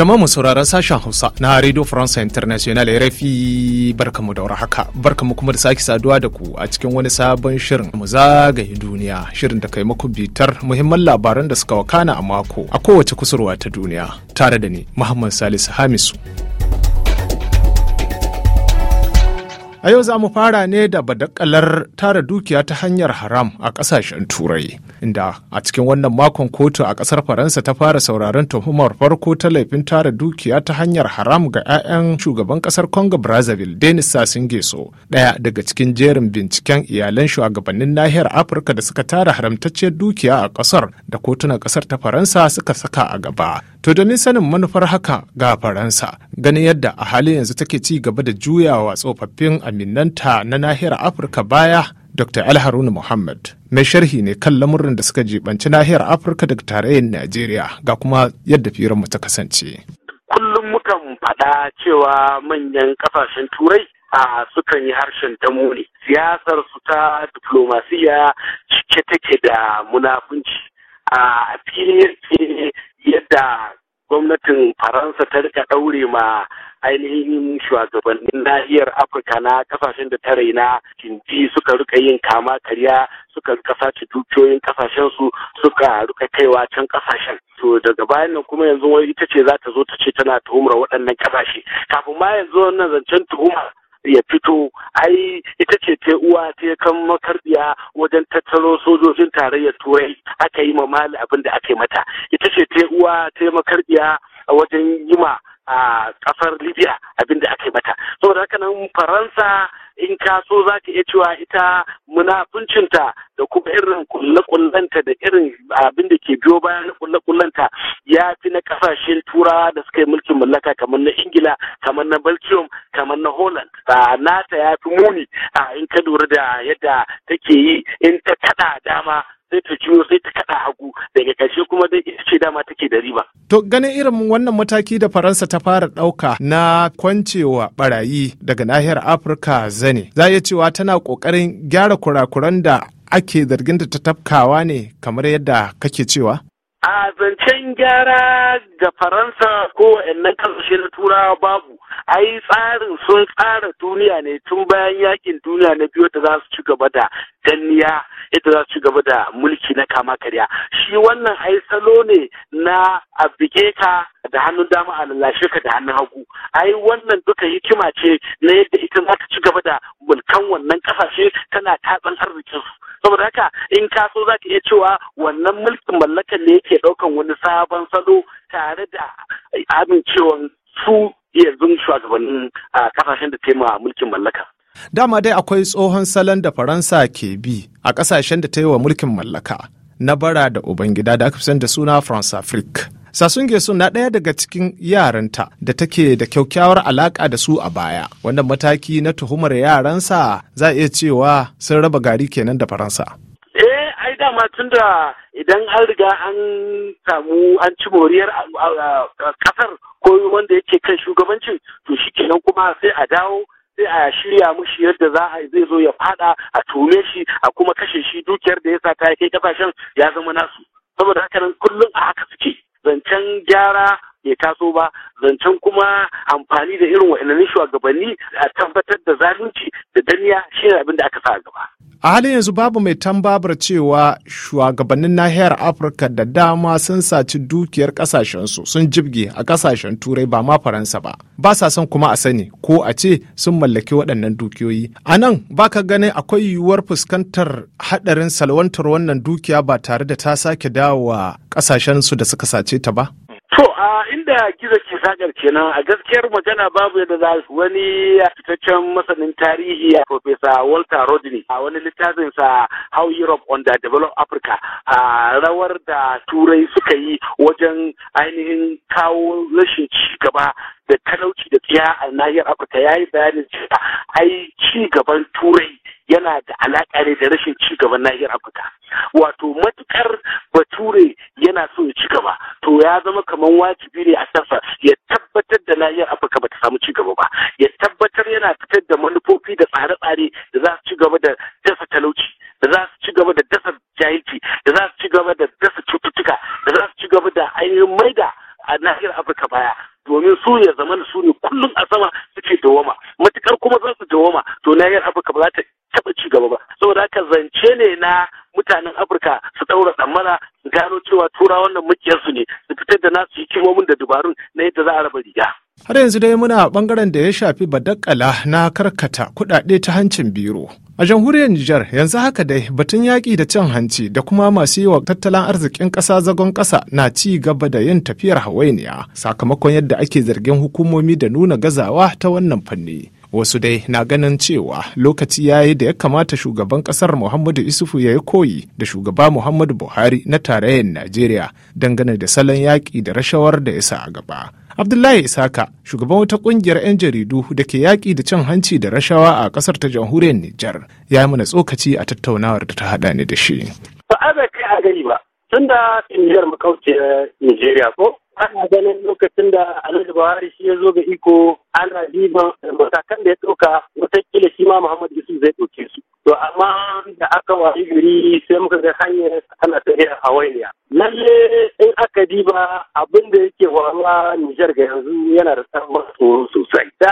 Jama'a mu sauraron sashen Hausa na Radio France International RFI barkamu da haka barkamu kuma da sake saduwa da ku a cikin wani sabon shirin mu zagaye duniya shirin da kai muku bitar muhimman labaran da suka wakana a mako a kowace kusurwa ta duniya tare da ni Muhammad Salisu Hamisu. A yau za mu fara ne da badakalar tara dukiya ta hanyar haram a ƙasashen Turai, inda a cikin wannan makon kotu a ƙasar Faransa ta fara sauraron tuhumar farko ta laifin tara dukiya ta hanyar haram ga 'ya'yan shugaban ƙasar Congo Brazzaville Denis Sassou Nguesso, ɗaya daga cikin jerin binciken iyalan shugabannin nahiyar Afirka da suka tara haramtacciyar dukiya a ƙasar da kotunan ƙasar ta Faransa suka saka a gaba. To domin sanin manufar haka ga Faransa, ganin yadda a halin yanzu take ci gaba da juyawa tsofaffin aminanta na nahiyar Afirka baya Dr. Alharuna Muhammad. Mai sharhi ne kan lamurin da suka jibanci nahiyar Afirka daga tarayyar Najeriya ga kuma yadda firanmu ta kasance. Kullum mukan faɗa cewa manyan kasashen Turai a sukan yi harshen damo ne. Siyasar su ta diplomasiya cike take da munafunci. A fili yadda gwamnatin faransa ta rika ɗaure ma ainihin shugabannin nahiyar afirka na kasashen da ta raina kinji suka rika yin kama karya suka rika sace dukiyoyin kasashen su suka rika kaiwa can kasashen to daga bayan nan kuma yanzu wani ita ce za ta zo ta ce tana tuhumar waɗannan kasashe kafin ma yanzu wannan zancen tuhumar. ya fito ai ita ce ta uwa ta kan makarbiya wajen tattaro sojojin tarayyar turai aka yi ma mali abin da aka yi mata ita ce ta uwa ta makarbiya wajen yi ma a kasar libya abinda aka yi mata saboda haka nan faransa in ka so za ka iya cewa ita munafuncinta da kuma irin kulle-kullenta da irin abin da ke biyo bayan kulle-kullenta ya fi na kasashen turawa da suka yi mulkin mallaka kamar na ingila kamar na belgium kamar na holland nata ya fi muni in ka lura da yadda take yi in ta kada dama sai ta juyo sai ta kada hagu daga ƙarshe kuma dai ita ce dama take da riba. To ganin irin wannan mataki da Faransa ta fara ɗauka na kwancewa barayi daga nahiyar Afirka zane za iya cewa tana ƙoƙarin gyara kurakuran da ake zargin da ta tafkawa ne kamar yadda kake cewa? A zancen gyara ga Faransa ko wa'annan kasashe na Turawa babu. ai tsarin sun tsara duniya ne tun bayan yakin duniya na biyu da za su ci gaba da danniya ita za su ci gaba da mulki na kama karya shi wannan ai salo ne na abike ka da hannun dama a lallashe ka da hannun hagu ai wannan duka hikima ce na yadda ita za ta ci gaba da mulkan wannan kasashe tana tatsan arzikin su saboda haka in ka so za ka iya cewa wannan mulkin mallakan ne yake daukan wani sabon salo tare da amincewan su yanzu shugabannin a kasashen da taima mulkin mallaka. Dama dai akwai tsohon salon da Faransa ke bi a kasashen da ta yi wa mulkin mallaka na bara da Ubangida da aka fi da suna France Afrique. Sasun Gesu na ɗaya daga cikin yaranta da take da kyaukyawar alaƙa da su a baya. Wannan mataki na tuhumar yaransa za a iya cewa sun raba gari kenan da Faransa. Eh, ai dama tun da idan an riga an samu an ci moriyar kasar ko wanda yake kan shugabancin to shi kenan kuma sai a dawo sai a shirya mushi yadda za a zai zo ya fada a tume shi a kuma kashe shi dukiyar da ya sa ta kai kasashen ya zama nasu saboda haka nan kullum a haka suke zancen gyara ya taso ba zancen kuma amfani da irin wa'annan shugabanni a tabbatar da zalunci da danniya shi abin da aka sa gaba a halin yanzu babu mai tambabar cewa shugabannin nahiyar afirka da dama sun saci dukiyar kasashensu sun jibge a kasashen turai ba ma faransa ba ba sa son kuma a sani ko a ce sun mallaki waɗannan dukiyoyi a nan ba ka ganin akwai yiwuwar fuskantar haɗarin salwantar wannan dukiya ba tare da ta sake dawowa kasashensu da suka sace ta ba To a inda gizo ke sagar kenan a gaskiyar magana babu yadda za su wani fitaccen masanin tarihi a Profesa Walter Rodney a wani littafin littafinsa How Europe Under Developed Africa a rawar da turai suka yi wajen ainihin kawo rashin ci gaba da talauci da tsiya a nahiyar Afirka ya yi bayanin cewa ai ci gaban turai yana da alaƙa ne da rashin ci gaban nahiyar afirka wato matukar bature yana so ya ci gaba to ya zama kamar wajibi ne a sassa ya tabbatar da nahiyar afirka ba ta samu ci gaba ba ya tabbatar yana fitar da manufofi da tsare-tsare da za su ci gaba da dasa talauci da za su ci gaba da dasa jahilci da za su ci gaba da dasa cututtuka da za su ci gaba da ainihin maida a nahiyar afirka baya domin su ya zama su ne kullum a sama suke dawama matukar kuma za su dawama to nahiyar afirka ba za ta yanzu dai muna bangaren da ya shafi badakala na karkata kudade ta hancin biro. A jamhuriyar Nijar yanzu haka dai batun yaƙi da cin hanci da kuma masu yi wa tattalin arzikin ƙasa zagon ƙasa na ci gaba da yin tafiyar hawainiya sakamakon yadda ake zargin hukumomi da nuna gazawa ta wannan fanni. Wasu dai na ganin cewa lokaci ya yi da ya kamata shugaban ƙasar Muhammadu Isufu ya yi koyi da shugaba Muhammadu Buhari na tarayyar Najeriya dangane da salon yaƙi da rashawar da ya sa a gaba. Abdullahi Isaka, shugaban wata kungiyar 'yan jaridu da ke yaƙi da cin hanci da rashawa a ƙasar ta jamhuriyar Nijar, ya yi mana tsokaci a tattaunawar da ta haɗa ni da shi. Ba a bai kai a gani ba, tun da Nijar makauce Nijeriya ko? Ana ganin lokacin da Alhaji Buhari shi ya zo ga iko ana diban matakan da ya ɗauka wataƙila shi ma Muhammad Yusuf zai ɗauke su. To amma da aka wayi gari sai muka ga hanyar ana tafiya hawainiya. Lalle in aka diba abin da yake wawa Nijar ga yanzu yana da tsambar tsoro sosai. Da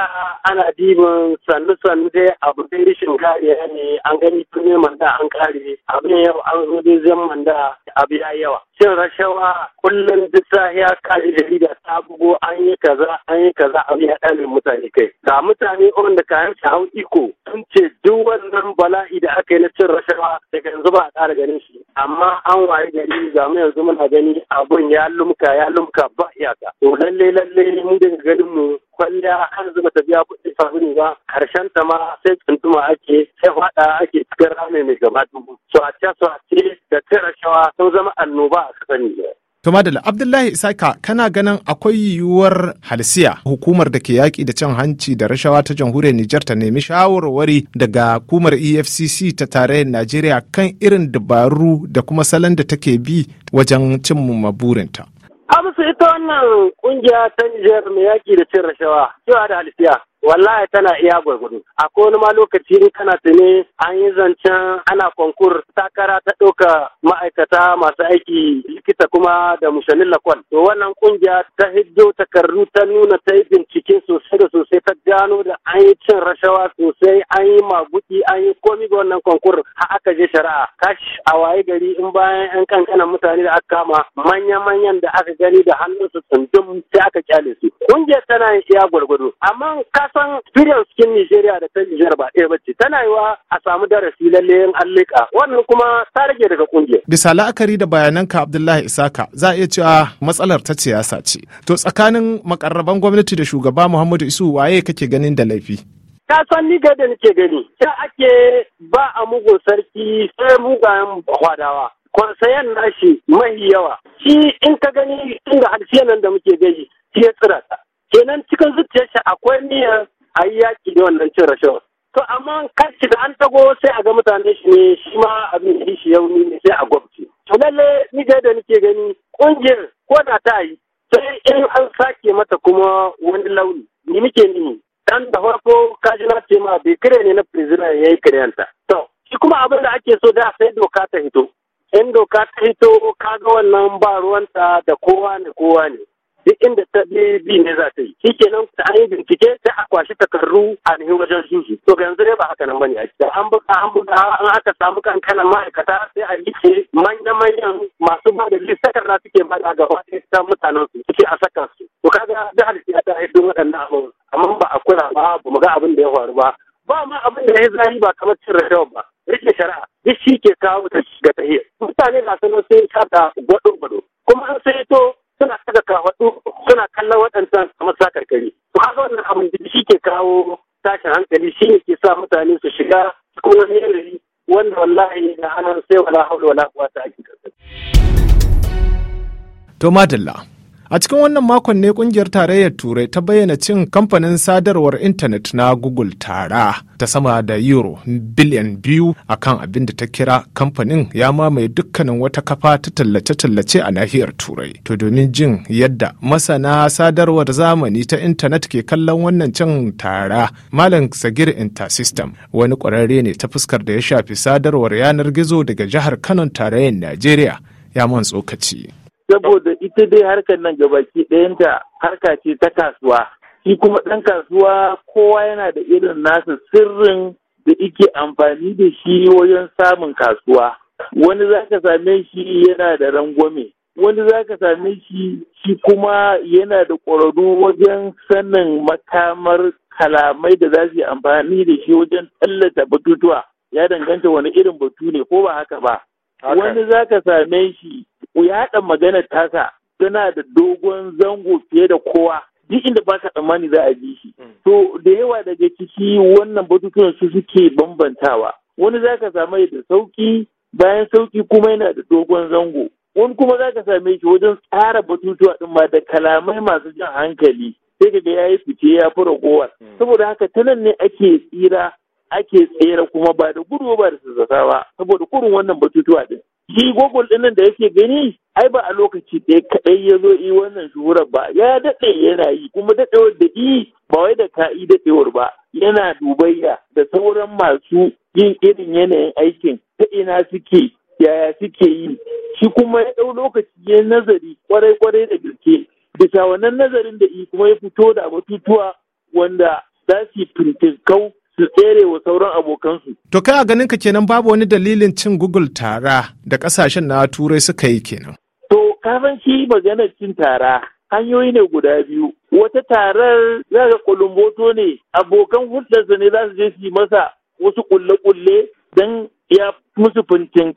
ana diban sannu-sannu dai abu dai rashin kariya ne an gani tun manda an kare abin yau an zo dai zan manda abu ya yawa. cin rashawa kullum duk sahiya kaji jarida ta bugo an yi kaza an yi kaza an ya ɗale mutane kai ga mutane wanda kayan su hau iko sun ce duk wannan bala'i da aka yi na cin rashawa daga yanzu ba a ƙara ganin shi amma an wayi gari ga mu yanzu muna gani abun ya lumka ya lumka ba iyaka to lalle lalle mu daga garin mu kwalliya har zuba ta biya kuɗin sabulu ba karshen ta ma sai tuntuma ake sai fada ake cikin rame mai gaba dubu so a ce so a ce da cire shawa sun zama annoba a kasan Nijar. To Madalla Abdullahi Isaka kana ganin akwai yiwuwar halsiya hukumar da ke yaƙi da cin hanci da rashawa ta jamhuriyar Nijar ta nemi shawarwari daga hukumar EFCC ta tarayyar Najeriya kan irin dabaru da kuma salon da take bi wajen cin burinta. Amsa ita wannan kungiya ta Nijar mai yaƙi da cin rashawa cewa da halsiya wallahi tana iya gwargwado akwai wani ma lokaci in kana tuni an yi zancen ana konkur takara ta ɗauka ma'aikata masu aiki likita kuma da mushanin lakon to wannan kungiya ta hiddo takardu ta nuna ta yi bincike sosai da sosai ta gano da an yi cin rashawa sosai an yi maguɗi an yi komi ga wannan konkur har aka je shari'a kash a waye gari in bayan yan kankanan mutane da aka kama manya-manyan da aka gani da hannunsu tsundum sai aka kyale su kungiyar tana yin iya gwargwado amma ka ka san bidiyon cikin Nijeriya da ta Nijar ba ɗaya bace tana yiwa a samu darasi lalle in an wannan kuma ta rage daga kungiyar. Bisa la'akari da bayanan ka Abdullahi Isaka za a iya cewa matsalar ta siyasa ce. To tsakanin makarraban gwamnati da shugaba Muhammadu Isu waye kake ganin da laifi? ka san ni ga da nake gani ta ake ba a mugun sarki sai mugayen hwadawa kwansayen nashi mahi yawa shi in ka gani tun da nan da muke gani shi ya tsira kenan cikin zuciyarsa akwai niyyar a yi yaki ne wannan cin rashawar to amma kashi da an tago sai a ga mutane shi ne shi ma abin da shi ne sai a gwabce to lalle ni da da nake gani kungiyar ko da ta yi sai in an sake mata kuma wani launi ni nake nini dan da farko kaji na ce ma bai kare ne na prisoner yayi kareyanta to shi kuma abin da ake so da sai doka ta hito in doka ta hito ka ga wannan ba ruwanta da kowa ne kowa ne duk inda ta bi bi ne za ta yi shi kenan ta an yi bincike sai a kwashi takarru a nihin wajen juji to yanzu dai ba haka nan bane cikin an buga an buga an aka samu kankanan ma'aikata sai a rike manyan manyan masu ba da takarda suke ba da gaba ta mutanen su suke a saka su to kaga jihar ya ta haifin waɗannan abubuwan amma ba a kula ba ba mu ga abin da ya faru ba ba ma abin da ya zari ba kamar cin rashawa ba rike shari'a duk shi ke kawo ta ga tahiyar mutane ga sanar sun ta da gwado gwado kuma an sai to suna daga kafaɗu suna kallon waɗancan kamar sa karkari to haka wannan abin da shi ke kawo tashin hankali shi ne ke sa mutane su shiga cikin wani yanayi wanda wallahi na hannun sai wala haula wala ta ake karkari. Tomatilla. A cikin wannan makon ne kungiyar tarayyar Turai ta bayyana cin kamfanin sadarwar intanet na Google tara ta sama da euro biliyan biyu a kan abin da ta kira kamfanin ya mamaye dukkanin wata kafa ta tallace-tallace a nahiyar Turai. To domin jin yadda masana sadarwar zamani ta intanet ke kallon wannan cin tara Malam Sagir Intersystem wani ƙwararre ne ta fuskar da ya shafi sadarwar yanar gizo daga jihar Kano tarayyar Najeriya ya man tsokaci. saboda ita dai harkar nan gabaki ɗayanta harka ce ta kasuwa shi kuma ɗan kasuwa kowa yana da irin nasa sirrin da ike amfani da shi wajen samun kasuwa wani za ka same shi yana da rangwame wani za ka same shi shi kuma yana da ƙwararru wajen sanin makamar kalamai da za su yi amfani da shi wajen tallata batutuwa ya danganta wani irin batu ne ko ba haka ba wani za ka same shi ku yaɗa magana tasa tana da dogon zango fiye da kowa duk inda ba ka tsammani za a bi shi mm. to da yawa daga ciki wannan batutuwan su suke bambantawa wani za ka same da sauki bayan sauki kuma yana da dogon zango wani kuma za ka same shi wajen tsara batutuwa ɗin ma da kalamai masu jan hankali sai ka ga ya yi fice ya fi ragowar mm. saboda haka ta nan ne ake tsira ake tsere kuma ba da gudu ba da sassa ba saboda kurin wannan batutuwa din shi gogol nan da yake gani ai ba a lokaci ya kaɗai ya zo yi wannan shuhurar ba ya daɗe yana yi kuma daɗewar da yi ba wai da ka yi daɗewar ba yana dubayya da sauran masu yin irin yanayin aikin ta ina suke yaya suke yi shi kuma ya ɗau lokaci ya nazari kwarai-kwarai da gaske bisa wannan nazarin da yi kuma ya fito da batutuwa wanda za su yi kau. su tsere wa sauran abokansu. To kai a ganin ka kenan babu wani dalilin cin Google tara da kasashen na turai suka yi kenan. To kafin shi maganar cin tara hanyoyi ne guda biyu. Wata tarar za ka kulumboto ne abokan hulɗarsa ne za su je su yi masa wasu kulle-kulle don ya musu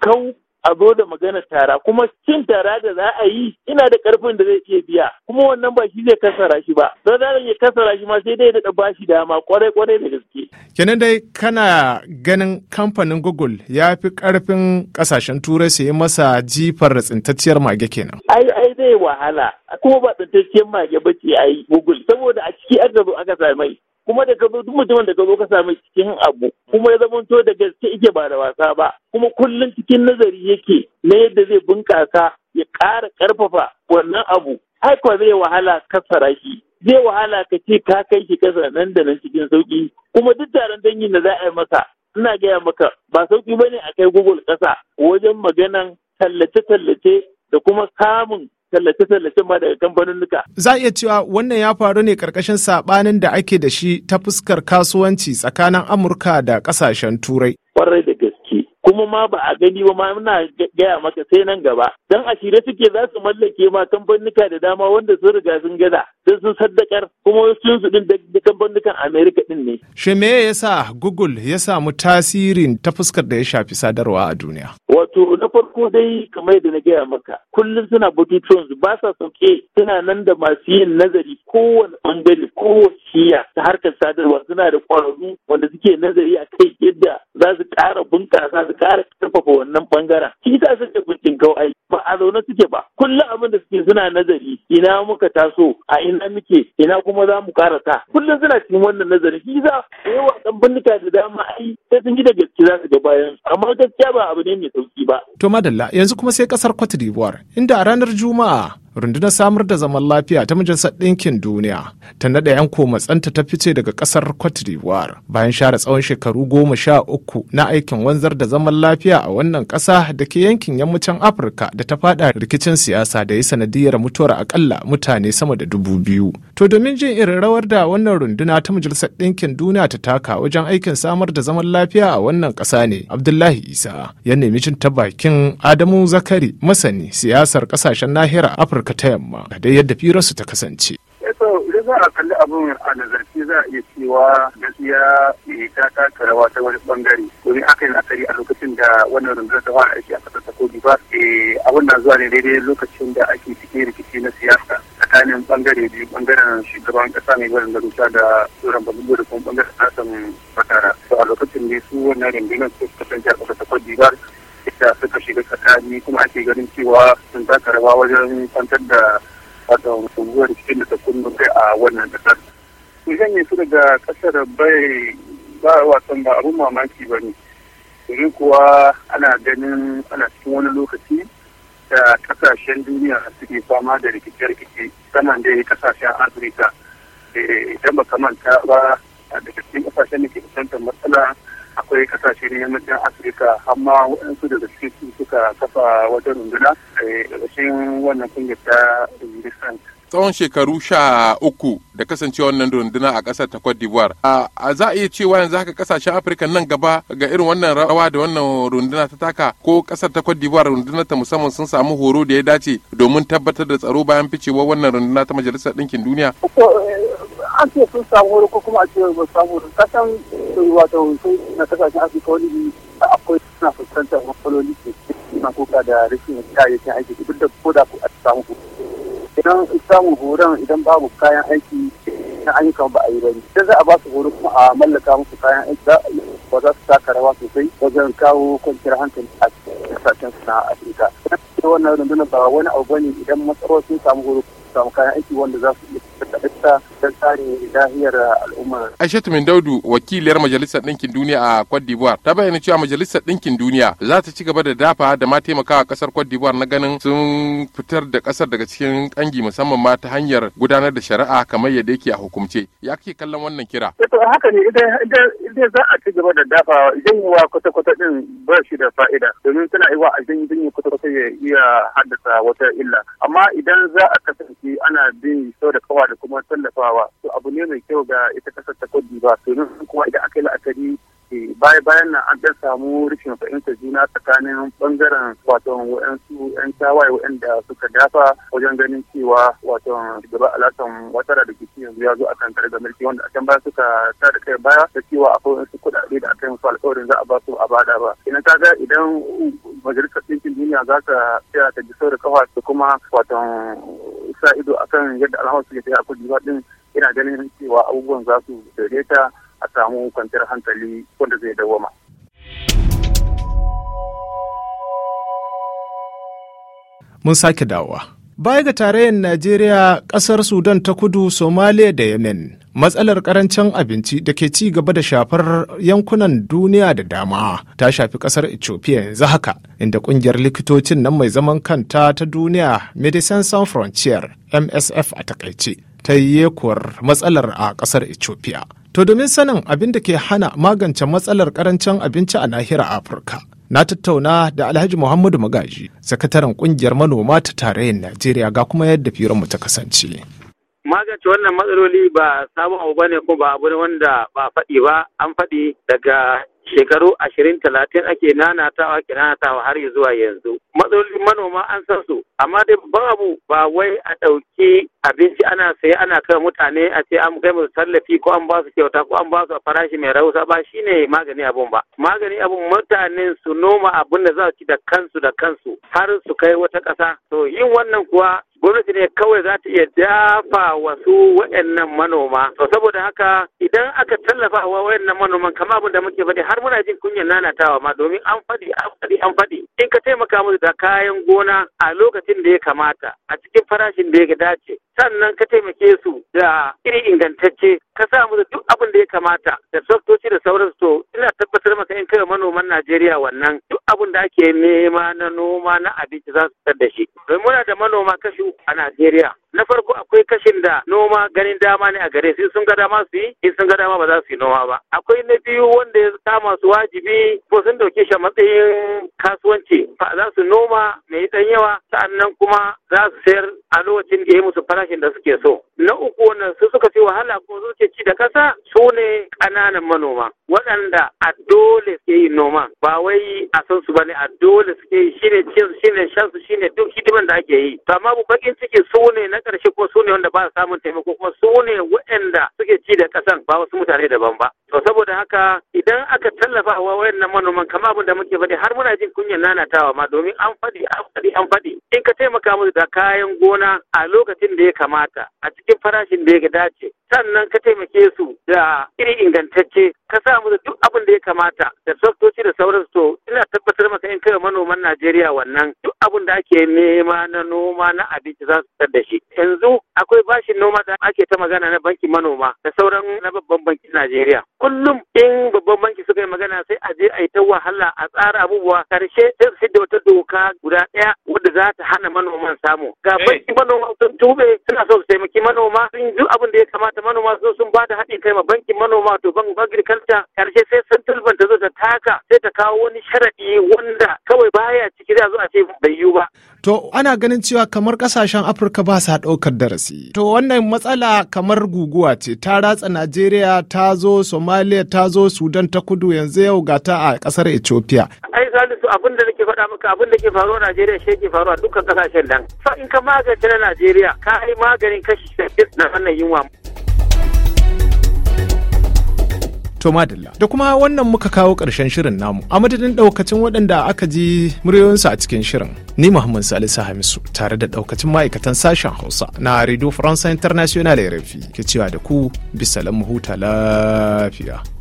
kau. a zo da magana tara kuma cin tara da za a yi ina da karfin da zai iya biya kuma wannan ba shi zai kasara shi ba don zaran ya kasara shi ma sai dai da ba shi dama kwarai kwarai da gaske kenan dai kana ganin kamfanin google ya fi karfin kasashen turai su yi masa jifar tsintacciyar mage kenan ai ai zai wahala kuma ba tsintacciyar mage ba ce ai google saboda a ciki aka zo aka sami. kuma da ka duk mutumin da ka ka sami cikin abu kuma ya zamanto da gaske yake ba da wasa ba kuma kullum cikin nazari yake na yadda zai bunƙasa ya ƙara ƙarfafa wannan abu haka zai wahala ka shi zai wahala ka ce ka kai shi kasa nan da nan cikin sauƙi kuma duk taron dangin da za a yi masa ina gaya maka ba sauƙi ba ne a kai google ƙasa wajen maganan tallace-tallace da kuma samun tallace tallace ma daga kamfaninnuka. Za iya cewa wannan ya faru ne karkashin saɓanin da ake da shi ta fuskar kasuwanci tsakanin Amurka da ƙasashen Turai. kuma ma ba a gani ba ma muna gaya maka sai nan gaba dan a shirye suke za su mallake ma kamfanika da dama wanda sun riga sun gada sai sun saddakar kuma wasu su din da kamfanikan america din ne shi me yasa Google ya samu tasirin ta fuskar da ya shafi sadarwa a duniya wato na farko dai kamar da na gaya maka kullum suna batutuwan ba sa sauke suna nan da masu yin nazari kowane bangare kowace shiya ta harkar sadarwa suna da ƙwararru wanda suke nazari a kai yadda za su ƙara bunƙasa su ƙara ƙarfafa wannan ɓangaren shi ta suke bincin kawai ba a zaune suke ba kullum abin da suke suna nazari ina muka taso a ina muke ina kuma za mu ƙara ta? kullum suna cikin wannan nazari shi za wa ɗan bindiga da dama ai sai sun ji da gaske za su ga bayan amma gaskiya ba abu ne mai sauki ba to madalla yanzu kuma sai ƙasar Cote d'Ivoire inda a ranar Juma'a rundunar samar da zaman lafiya ta majalisar ɗinkin duniya ta naɗa yanko matsanta ta fice daga ƙasar cote d'ivoire bayan share tsawon shekaru goma sha uku na aikin wanzar da zaman lafiya a wannan ƙasa da ke yankin yammacin afirka da ta faɗa rikicin siyasa da ya sanadiyar mutuwar akalla mutane sama da dubu biyu to domin jin irin rawar da wannan runduna ta majalisar ɗinkin duniya ta taka wajen aikin samar da zaman lafiya a wannan ƙasa ne abdullahi isa ya nemi cin ta bakin adamu zakari masani siyasar ƙasashen nahiyar afirka Afirka ta Yamma ga dai yadda firarsu ta kasance. Eh, idan za a kalli abin a nazarci za a iya cewa gaskiya eh, ta taka rawa ta wani bangare domin aka yi la'akari a lokacin da wannan rundunar ta fara aiki a kasar ta kogi ba eh, a wannan zuwa ne daidai lokacin da ake cike rikici na siyasa tsakanin bangare biyu bangaren shugaban kasa mai barin garusa da tsoron babu da kuma bangaren kasan fatara to a lokacin ne su wannan rundunar su kasance a kasar ta kogi ba ita su shiga tsakani kuma ake ganin cewa sun taka rawa wajen kwantar da wato guguwar cikin da ta kunnu kai a wannan kasar. Su janye su daga kasar bai ba wasan ba abun mamaki ba ne. Domin kuwa ana ganin ana cikin wani lokaci da kasashen duniya suke fama da rikice-rikice saman da kasashen Afirka. Eh, idan ba manta ba daga cikin kasashen da ke fuskantar matsala akwai kasashe na yammacin afirka amma waɗansu daga cikin suka kafa wata runduna eh, ƙarshen wannan kungiyar ta resistance tsawon shekaru sha uku da kasance wannan runduna a ƙasar ta Cote A za a iya cewa yanzu haka kasashen Afirka nan gaba ga irin wannan rawa da wannan runduna ta taka ko ƙasar ta Cote d'Ivoire rundunar ta musamman sun samu horo da ya dace domin tabbatar da tsaro bayan ficewar wannan runduna ta Majalisar Ɗinkin Duniya. Eh, an ce sun samu wuri ko kuma a ce ba samu wuri kasan wato sun na kasashen afirka wani akwai suna fuskantar matsaloli ke suna kuka da rashin kayayyakin aiki duk da ko da a samu idan samu horon idan babu kayan aiki na ayyukan ba a yi bane idan za a ba su horo kuma a mallaka musu kayan aiki ba za su taka rawa sosai wajen kawo kwanciyar hankali a kasashen suna na afirka wannan rundunar ba wani abu bane idan matsalolin sun samu horo samu kayan aiki wanda za su iya kaɗista don tsare lahiyar al'umma. Aishatu Min Daudu wakiliyar Majalisar Ɗinkin Duniya a Cote d'Ivoire ta bayyana cewa Majalisar Ɗinkin Duniya za ta ci gaba da dafa da ma taimakawa ƙasar Cote d'Ivoire na ganin sun fitar da ƙasar daga cikin ƙangi musamman ma ta hanyar gudanar da shari'a kamar yadda yake a hukumce. Ya kake kallon wannan kira? Eh, to haka ne idan za a ci gaba da dafa wa kwata-kwata ɗin ba shi da fa'ida domin tana yi wa a janye kwata-kwata ya iya haddasa wata illa amma idan za a ciki ana bin sau da kawa da kuma tallafawa to abu ne mai kyau ga ita kasar ta Cote ba to kuma idan aka yi la'akari baya-bayan nan an dan samu rikin fahimtar juna tsakanin bangaren wato wa'yansu 'yan tawaye wa'yanda suka dafa wajen ganin cewa wato gaba alatan watara da kici yanzu ya zo a kan karga mulki wanda a can baya suka da kai baya da cewa akwai wasu kuɗaɗe da aka yi musu alƙawarin za a ba su a bada ba ina ta ga idan majalisar ɗinkin duniya za ta tsaya ta ji saurin kafa su kuma wato sa ido akan yadda alhamsu ke ta a din ina ganin cewa abubuwan za su daidaita samu kwanciyar hankali wanda zai dawoma. Mun sake dawowa. Baya ga tarayyar Najeriya, ƙasar Sudan ta kudu, Somalia da Yemen, matsalar ƙarancin abinci da ke ci gaba da shafar yankunan duniya da dama ta shafi ƙasar Ethiopia yanzu haka, inda ƙungiyar likitocin nan mai zaman kanta ta duniya Medicine Sans Frontier, MSF a takaice, ta yekuwar matsalar a ƙasar Ethiopia. To domin sanin abin da ke hana magance matsalar karancin abinci a nahiyar Afirka. Na tattauna da Alhaji Muhammadu Magaji, sakataren ƙungiyar manoma ta tarayyar Najeriya ga kuma yadda firanmu ta kasance. Magance wannan matsaloli ba sabon abu bane ko ba abu ne wanda ba faɗi ba an faɗi daga shekaru ashirin talatin ake nanatawa ake nanatawa har zuwa yanzu matsalolin manoma an san su amma dai babu ba wai a ɗauki abinci ana sai ana kai mutane a ce an kai musu tallafi ko an ba su kyauta ko an ba su farashi mai rahusa ba shine magani abun ba magani abun mutane su noma abun da za su ci da kansu da kansu har su kai wata ƙasa to yin wannan kuwa gwamnati ne kawai za ta iya dafa wasu waannan manoma to saboda haka idan aka tallafa wa waɗannan manoman kama abin da muke faɗi har muna jin kunyar nanatawa ma domin an faɗi an faɗi an faɗi in ka taimaka musu da kayan gona a lokacin da ya kamata a cikin farashin da ya dace sannan ka taimake su da iri ingantacce ka sa musu duk abin da ya kamata da tsaftoci da sauransu to ina tabbatar maka in kai manoman Najeriya wannan duk abin da ake nema na noma na abinci za su da shi domin muna da manoma kashi a Najeriya. Na farko akwai kashin da noma ganin dama ne a gare su sun ga dama su yi in sun ga dama ba za su yi noma ba. Akwai na biyu wanda ya kama su wajibi ko sun dauke shi a matsayin kasuwanci za su noma mai dan yawa sa'annan kuma za su sayar a lokacin da ya musu farashin da suke so. Na uku wannan su suka fi wahala ko ke ci da kasa su ne ƙananan manoma waɗanda a dole suke yin noma ba wai a san su ne a dole suke yi shine cin su shine shan su shine duk hidiman da ake yi. To amma bakin ciki su ne na ƙarshe ko su ne wanda ba su samun taimako ko su ne waɗanda suke ci da ƙasan ba wasu mutane daban ba. To saboda haka idan aka tallafa wa wayannan manoman kama abin da muke faɗi har muna jin kunyan nanatawa ma domin an faɗi an faɗi an faɗi in ka taimaka musu da kayan gona a lokacin da ya kamata a cikin farashin da ya dace sannan ka taimake su da iri ingantacce ka sa musu duk abin da ya kamata da tsaftoci da sauransu Najeriya wannan duk abin da ake nema na noma na abinci za su da shi. Yanzu akwai bashin noma da ake ta magana na bankin manoma da sauran na babban bankin Najeriya. Kullum in babban banki suka yi magana sai a je a yi ta wahala a tsara abubuwa karshe sai su da wata doka guda ɗaya wadda za ta hana manoman samu. Ga eh. bankin manoma sun tube suna so su taimaki manoma sun duk abin da ya kamata manoma sun ba da haɗin kai ma bankin manoma to bankin agriculture karshe sai sun tulbanta zo ta taka ka kawo wani sharadi wanda kawai baya ciki da zo a ce bai yiwu ba. To ana ganin cewa kamar kasashen Afirka ba sa ɗaukar darasi. To wannan matsala kamar guguwa ce ta ratsa Najeriya ta zo Somalia ta zo Sudan ta kudu yanzu yau ga ta a ƙasar Ethiopia. Ai Salisu abin da nake faɗa maka abin da ke faruwa Najeriya shi ke faruwa dukkan kasashen nan. Sa in ka magance na Najeriya ka yi maganin kashi 60 na wannan yunwa. To madalla. Da kuma wannan muka kawo ƙarshen shirin namu. A madadin ɗaukacin waɗanda aka ji muryoyinsu a cikin shirin. Ni Muhammad Salisu Hamisu tare da ɗaukacin ma'aikatan sashen Hausa na Radio France International RFI ke cewa da ku bisa lamu huta lafiya.